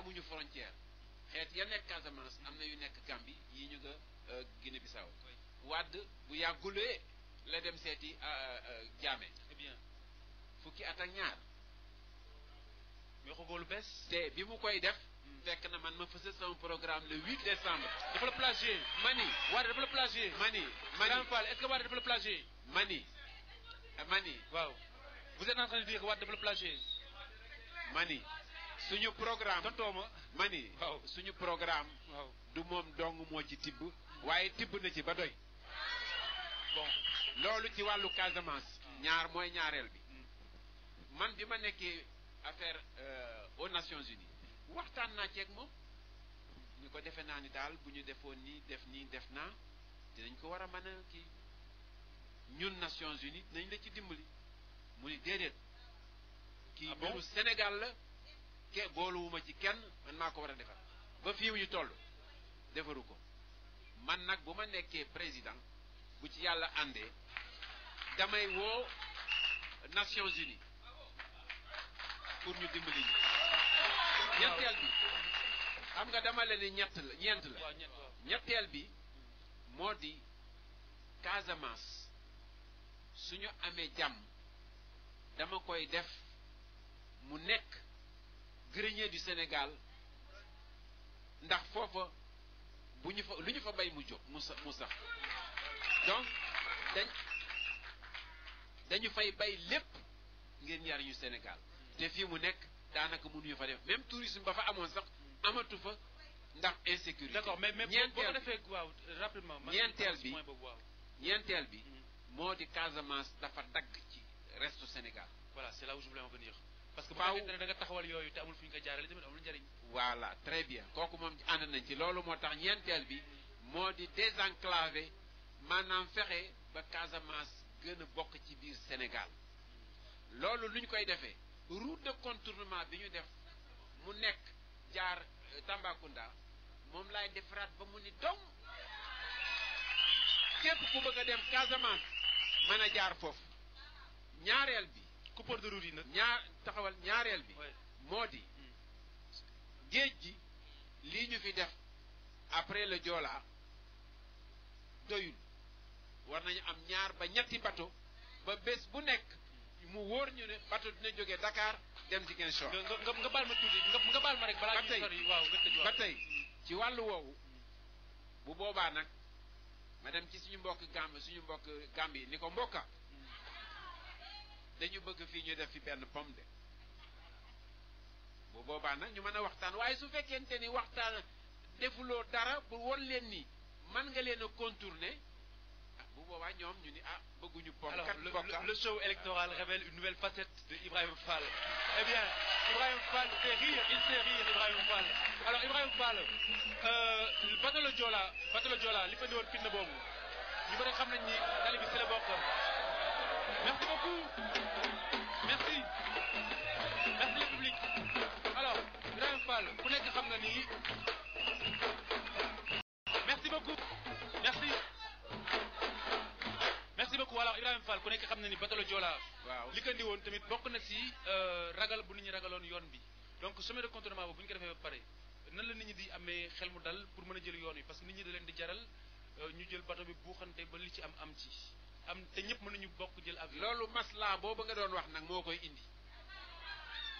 amuñu frontière xeet ya nekk Casamance am na yu nekk Gambie yi ñu nga euh, Guinée Bissau wàdd bu yàggulee la dem seeti euh, euh, jaame fukki at ak ñaar mais xogoo lu bees te bi mu koy def hmm. fekk na man ma fësal sama programme le 8 décembre dafa la plagié mani waade dafa la plagié mani mani waaw vous êtes en train de dire que dafa la plagié mani suñu programme tontooma ma ni waaw suñu programme du moom dong moo ci tibb waaye tibb na ci ba doy bon loolu ci wàllu Casamance ñaar mooy ñaareel bi man bi ma nekkee affaire euh, aux Nations Unies waxtaan naa ceeg moom ñu ko defe naa ni daal bu ñu defoon nii def nii def naa dinañ ko war a mën a kii ñun Nations Unies dinañ la ci dimbali mu ni déedéet ah kii mbiru Sénégal la ke booluwuma ci kenn man maa ko war a defar ba fii ñu toll defaru ko man nag bu ma nekkee président bu ci yàlla àndee damay woo Nations Unies pour ñu dimbali ñu ñetteel bi xam nga dama la ni ñett ñeent la ñetteel bi moo di Casamance su ñu amee jàmm dama koy def mu nekk grenier du Sénégal ndax foofa bu ñu fa lu ñu fa bay mu jóg mu sax mu sax donc dañ dañu fay bay lépp ngir njariñu Sénégal te fii mu nekk daanaka mënuñu fa def même tourisme ba fa amoon sax amatu fa ndax insécurité. d'accord mais mais boo ko defee waaw rapidement. ñeenteel bi ñeenteel mm-hmm. bi moo di Casamance dafa dagg ci restu Sénégal. voilà c'est là où je voulais en venir. parce que bu fekkee da danga taxawal yooyu te amul fu ñu ko jaarale tamit amul njëriñ. voilà très bien kooku moom ànd nañ ci loolu moo tax ñeenteel bi moo di désenclavé maanaam fexe ba Casamance gën a bokk ci biir Sénégal loolu lu ñu koy defee route de contournement bi ñu def mu nekk jaar euh, Tambacounda moom laay defaraat ba mu ni dong képp ku bëgg dem Casamance mën a jaar foofu ñaareel bi. coupeur de nag ñaar taxawal ñaareel bi moo di hmm. géej gi lii ñu fi def après le Joola doyul war nañu am ñaar ba ñetti bateau ba bés bu nekk yu mu wóor ñu ne bateau dina jóge Dakar dem Ziguinchor nga nga baal ma tuuti nga baal ma rek balaa waaw nga ba tey hmm. ci wàllu woowu hmm. bu boobaa nag ma dem ci suñu mbokk Gàmbi suñu mbokk Gàmbi ni ko mbokka dañu bëgg fii ñu def fi benn pomme de bu boobaa nag ñu mën a waxtaan waaye su fekkente ni waxtaan defuloo dara bu won leen ni man nga leen a contourner ah, bu boobaa ñoom ñu ni a ah, bëgguñu bokkat alors le show électoral révèle une nouvelle facette de Ibrahima Fall eh bien Ibrahima Fall fait rire il fait rire Fall alors Ibrahima Fall euh, Batolo Joola Batolo Joola li fa di woon fitna boobu ñu bëri xam na ni tali bi la bokkoon merci beaucoup ku nekk xam na ni batalo Joola waaw li woon tamit bokk na si euh, ragal bu nit ñi ragaloon yoon bi donc sommet de contournement boobu bu ba pare nan la nit ñi di amee xel mu dal pour mën a jël yoon wi parce que nit ñi da leen di jaral euh, ñu jël bato bi buuxante ba li ci am am ci am te ñëpp mën nañu bokk jël avion. loolu maslaa boobu nga doon wax nag moo koy indi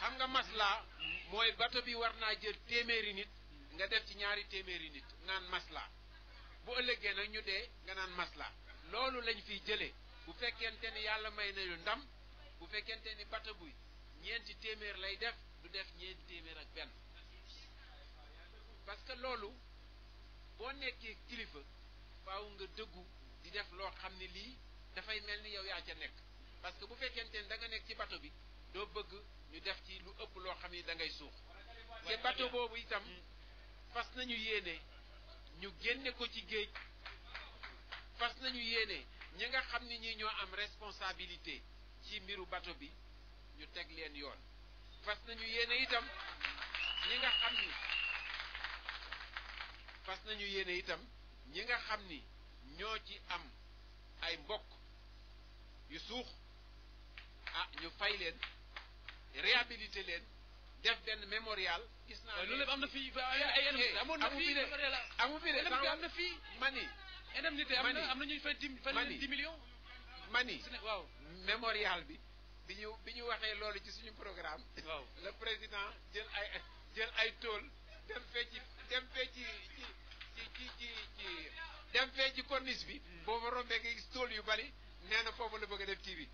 xam nga maslaa mooy bato bi war naa jël téeméeri nit nga def ci ñaari téeméeri nit naan maslaa bu ëllëgee nag ñu dee nga maslaa loolu lañ fiy jëlee. bu fekkente ni yàlla may nañu ndam bu fekkente ni bata buy ñeenti téeméer lay def du def ñeenti téeméer ak benn parce que loolu boo nekkee kilifa faaw nga dëggu di def loo xam ne lii dafay mel ni yow yaa ca nekk parce que bu fekkente ni da nga nekk ci bato bi doo bëgg ñu def ci lu ëpp loo xam ni da ngay suux te bato boobu itam fas nañu yéene ñu génne ko ci géej fas nañu yéene ñi nga xam ni ñi ñoo am responsabilité ci mbiru bato bi ñu teg leen yoon fas nañu yéene itam ñi nga xam ni fas nañu yéene itam ñi nga xam ni ñoo ci am ay mbokk yu suux a ah, ñu fay leen réhabilité leen def benn mémorial gis naa loolu lépp am na fii amu fi de amu fi de am na fii mani indemnité am na am na ñu fay dix dix millions mani waaw mémorial bi bi ñu bi ñu waxee loolu ci suñu programme waaw le président jël ay jël ay tool dem fee ci dem fee ci ci ci ci ci ci bi hmm. booba rombee nga gis tool yu bari nee na foofu la bëgg a def kii bi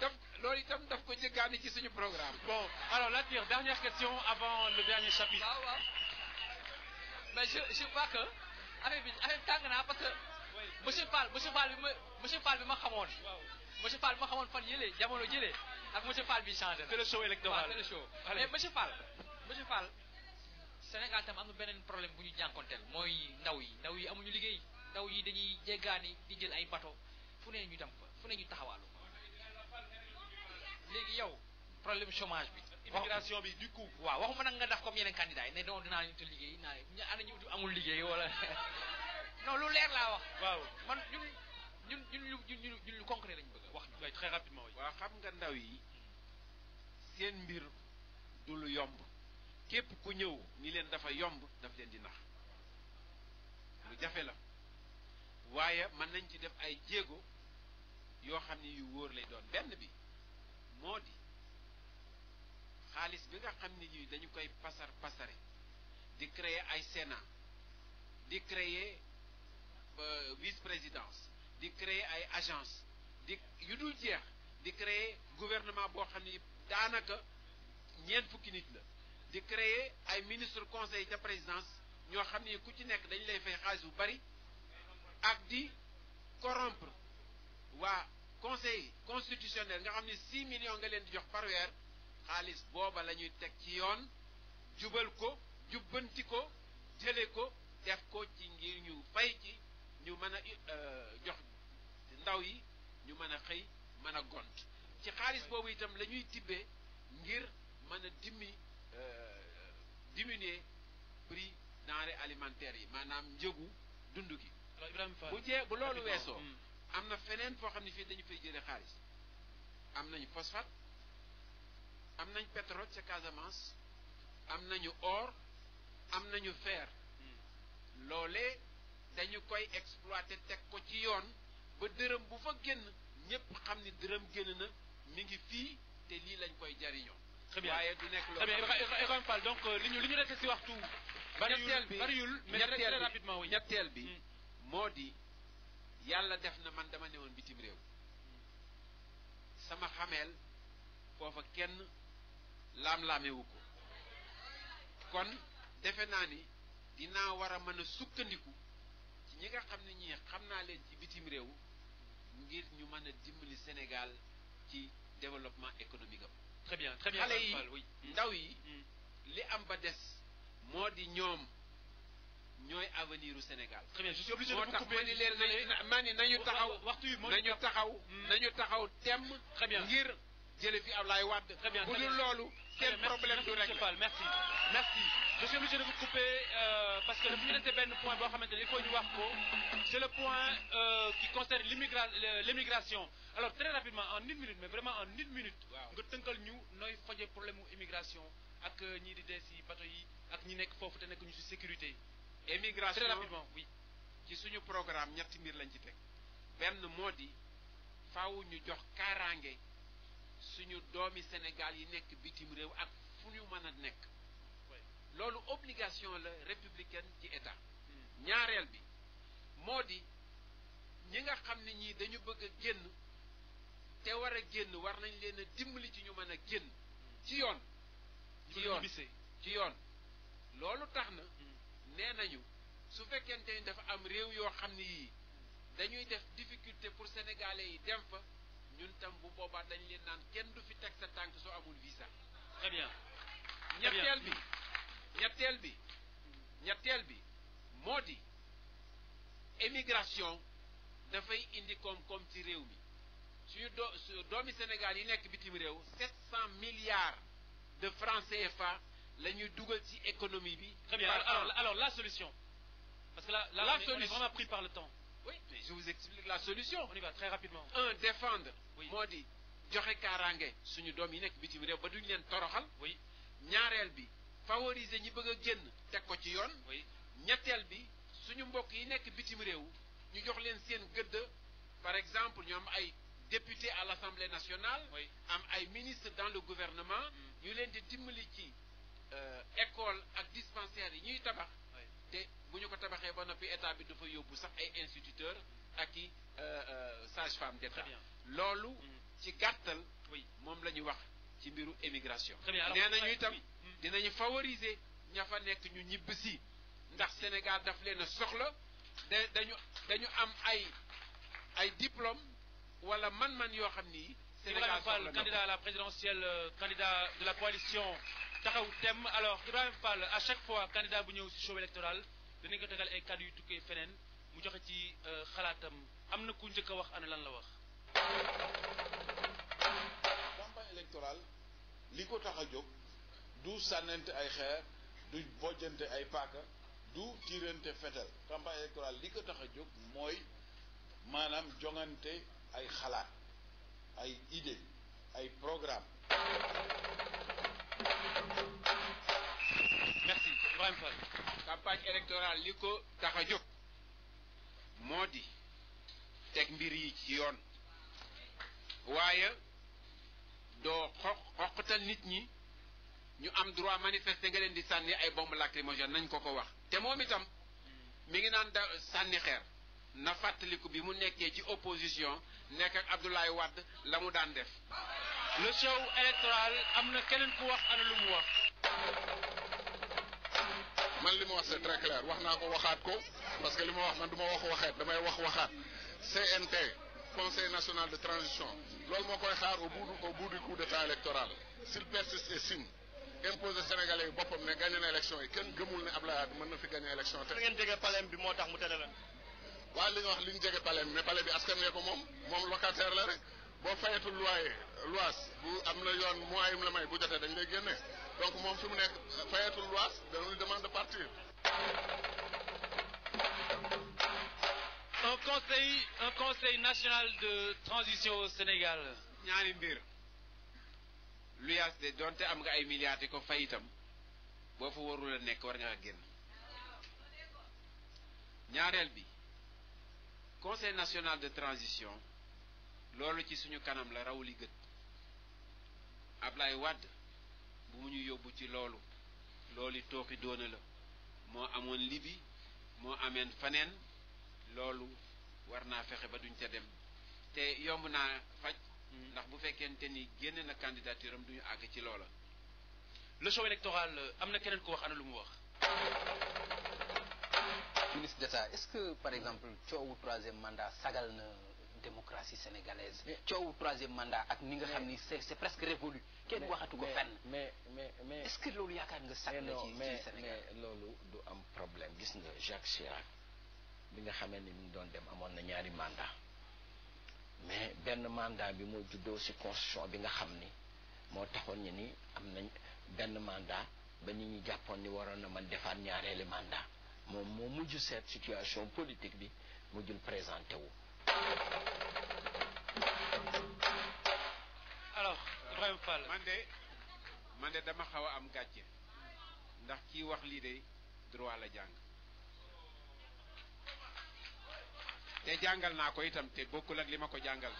daf loolu itam daf ko jéggaani ci suñu programme bon alors la tire dernière question avant le dernier chapitre waaw waaw monsieur Fall monsieur Fall bi ma monsieur Fall bi ma xamoon. monsieur Fall bi ma xamoon fan yële jamono jëlee ak monsieur Fall bi changé na. c'est le show électoral waaw c'est le show. mais monsieur Fall monsieur Sénégal tam am na beneen problème bu ñu jànkonteel mooy ndaw yi ndaw yi amuñu liggéey ndaw yi dañuy jéggaani di jël ay bato fu ne ñu dem fa fu ne ñu taxawaalu léegi yow problème chômage bi. immigration bi du waaw waxuma nag nga def comme yeneen candidat yi ne donc dinaa leen liggéey naa leen ana ñu amul liggéey wala. non lu leer laa wax. waaw man ñun ñun ñun ñu ñun ñun ñu concret lañu bëgg wax waaw xam nga ndaw yi seen mbir du lu yomb képp ku ñëw ni leen dafa yomb daf leen di nax lu jafe la waaye man nañ ci def ay jéego yoo xam ni yu wóor lay doon benn bi moo di xaalis bi nga xam ni dañu koy pasar pasare di créer ay sénat di créer vice-présidence di créer ay agence di yu dul jeex di créer gouvernement boo xam ni daanaka ñeent fukki nit la di créer ay ministre conseil de présidence ñoo xam ni ku ci nekk dañu lay fay xaalis bu bari ak di corrompre waa conseil constitutionnel nga xam ni 6 millions nga leen di jox par weer xaalis booba la ñuy teg ci yoon jubal ko jubbanti ko jële ko def ko ci ngir ñu fay ci ñu mën a euh, jox ndaw yi ñu mën a xëy mën a gont ci xaalis boobu itam la ñuy tibbee ngir mana a dimmi euh, diminuer prix denrée alimentaire yi maanaam njëgu dund gi bu jee bu loolu weesoo hmm. am na feneen foo xam ne fii dañu fay jëlee xaalis am nañu phosphate am nañ pétrole ca Casamance am nañu or am nañu fer hmm. loolee dañu koy exploité teg ko ci yoon ba dërëm bu fa génn ñépp xam ni dërëm génn na mi ngi fii te lii lañ koy jariñoo waaye du nekk loolu Ibrahima Fall donc euh, li ñu si waxtu bariwul bariwul mais très ñetteel bi hmm. moo di yàlla def na man dama newoon bitim réew sama xameel foofa kenn laam-laamewu ko kon defe naa ni dinaa war a mën a sukkandiku ñi nga xam ne ñi xam naa leen ci bitim réew ngir ñu mën a dimbali Sénégal ci développement économique am. très bien xale yi ndaw yi. li am ba des moo di ñoom ñooy avenir u Sénégal. très bien je suis obligé de vous couper moo tax ma leen ma nañu taxaw waxtu yi nañu taxaw hmm. nañu taxaw temm. très bien ngir jële fi Ablaye Wade. très bu dul loolu. quel problème du rek merci merci je suis obligé euh, parce que dafa ñu dese benn point boo xamante ne il faut ñu wax ko c'est le point euh, qui concerne l'immigra l'immigration alors très rapidement en une minute mais vraiment en une minute nga tënkal ñu nooy faje problème mu immigration ak euh, ñii di dee si bato yi ak ñi nekk foofu te nekk ñu si sécurité immigration très rapidement oui ci suñu programme ñetti mbir lañ ci teg ben moo di faaw ñu jox kaaraange suñu doomi Sénégal yi nekk bitim réew ak fu ñu mën a nekk loolu obligation la républicaine ci état ñaareel bi moo di ñi nga xam ne ñii dañu bëgg a génn te war a génn war nañ leen dimbali ci ñu mën a génn ci yoon ci yoon ci yoon loolu tax na hmm. nee nañu su fekkente ni dafa am réew yoo xam ni yii dañuy def difficulté pour sénégalais yi dem fa ñun tam bu boobaa dañ leen naan kenn du fi teg sa tànk soo amul visa. très bien. ñetteel bi ñetteel bi moo di émigration dafay indi koom-koom ci réew mi suñu do doomi Sénégal yi nekk bitim réew 700 milliards de francs CFA la ñuy dugal ci économie bi. très bien alors alors la solution. parce que là là la on est vraiment pris par le temps. oui je vous explique la solution. on y va très un défendre. moo di joxe kaaraange suñu doom yi nekk bitim réew ba duñ leen toroxal. oui ñaareel bi favoriser ñi bëgg a génn teg ko ci yoon. oui ñetteel bi suñu mbokk yi nekk bitim réew ñu jox leen seen gëdd par exemple ñu am ay député à l'Assemblée nationale. oui am ay ministre dans le gouvernement. Mm. ñu leen di dimbali ci euh, école ak dispensaire yi ñuy tabax. bu ñu ko tabaxee ba noppi état bi du dafa yóbbu sax ay instituteurs ak i euh, euh, sage-femme d'État loolu mm. ci gàttal moom la ñu wax ci mbiru émigration nee nañu itam mm. dinañu favoriser ña fa nekk ñu ñibb si ndax Sénégal daf leen soxla da dañu am ay ay diplôme wala man-man yoo xam ni Sénégal Fall candidat à la présidentielle euh, candidat de la coalition Taxawu Thème alors Ibrahima Fall à chaque fois candidat bu ñëw si show électoral danañ ko tegal ay kàddu yu tukkee feneen mu joxe ci euh, xalaatam am na ku njëkk a wax ana lañ la wax. campagne électorale li ko tax a jóg du sànnante ay xeer du bojjante ay paaka du tiirante fetal campagne électorale li ko tax a jóg mooy maanaam jongante ay xalaat ay idée ay programme campagne li ko tax a jóg moo di teg mbir yi ci yoon waaye doo xox xoqatal nit ñi ñu am droit manifester nga leen di sànni ay bombe lacrymogène nañ ko ko wax te moom itam mi ngi naan da sànni xeer na fàttaliku bi mu nekkee ci opposition nekk ak Abdoulaye Wade la mu daan def le show am na keneen ku wax ana lu mu wax man li ma wax c'est très clair wax naa ko waxaat ko parce que li ma wax man du ma wax waxeet damay wax waxaat CNT conseil national de transition loolu moo koy xaar au bout au bout du coup d'état électoral s'il persiste et signe imposé sénégalais yi boppam ne gagné na élection yi kenn gëmul ne Abdoulaye Wade mën na fi gagné élection te. ngeen jege palais bi moo tax mu tere la. waaye li ñu wax li ñu jege palais bi mais palais bi askan ko moom moom locataire la rek boo fayatul loyer loyer bu am na yoon moyen la may bu jotee dañ lay génne. donc moom fi mu nekk fayatul luwaas dañu demande partir. un conseil un conseil national de transition au Sénégal. ñaari mbir luyaas de donte am nga ay milliards yi ko fay itam boo fa warul a nekk war ngaa génn ñaareel bi conseil national de transition loolu ci suñu kanam la rawli gët Ablaye Wade. bu mu ñu yóbbu ci loolu loolu tooxi doona la moo amoon libi moo ameen faneen loolu war naa fexe ba duñ ca dem te yomb naa faj hmm. ndax bu fekkente ni génne na candidature duñu àgg ci loola leçon électorale am na keneen ko wax ana lu mu wax ministre d'État est-ce que par exemple coowu troisième mandat sagal na démocratie sénégalaise coowu troisième mandat ak ni nga xam ni c'est presque révolu kenn waxatu ko fenn est que loolu yaakaar nga sànq la ci ci Sénégal mais loolu du am problème gis nga Jacques Chirac bi nga xamee ni mu doon dem amoon na ñaari mandat mais benn mandat bi moo juddoo ci constitution bi nga xam ni moo taxoon ñu ni am nañ benn mandat ba nit ñi jàppoon ni waroon na man defaat ñaareeli mandat moom moo mujj seet situation politique bi mu jël présenté wu. man de dama xaw a am gàcce ndax kii wax lii de droit la jàng te jàngal naa ko itam te bokkul ak li ma ko jàngal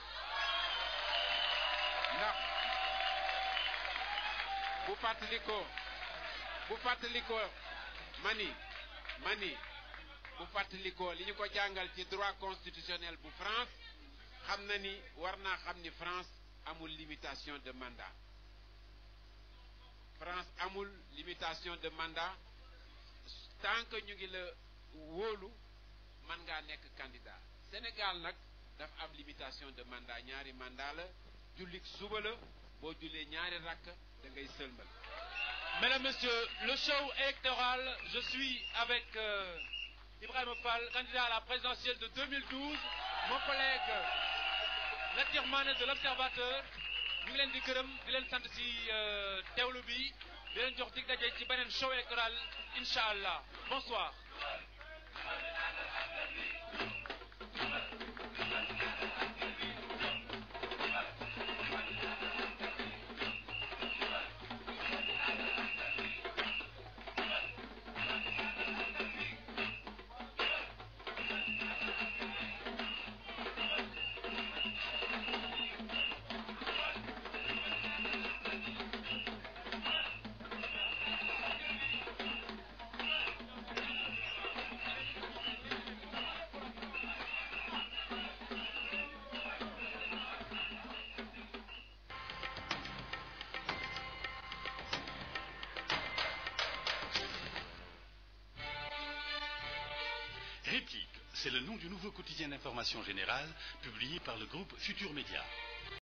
ndax bu fàttalikoo bu fàttalikoo mani mani bu fàttalikoo li ñu ko jàngal ci droit constitutionnel bu France xam na ni war naa xam ni France amul limitation de mandat alternance amul limitation de mandat tant que ñu ngi la wóolu mën ngaa nekk candidat Sénégal nag daf am limitation de mandat ñaari mandat la jullik suba la boo jullee ñaari rakk da ngay Mesdames, Messieurs, le show électoral, je suis avec euh, candidat à la présidentielle de 2012, mon collègue Latir Manet de l'Observateur. ñu ngi leen di gërëm di leen sant si euh, teewlu bi di leen jox dig daje ci beneen show électoral incha allah bonsoir. C'est le nom du nouveau quotidien d'information générale publié par le groupe Futur Média.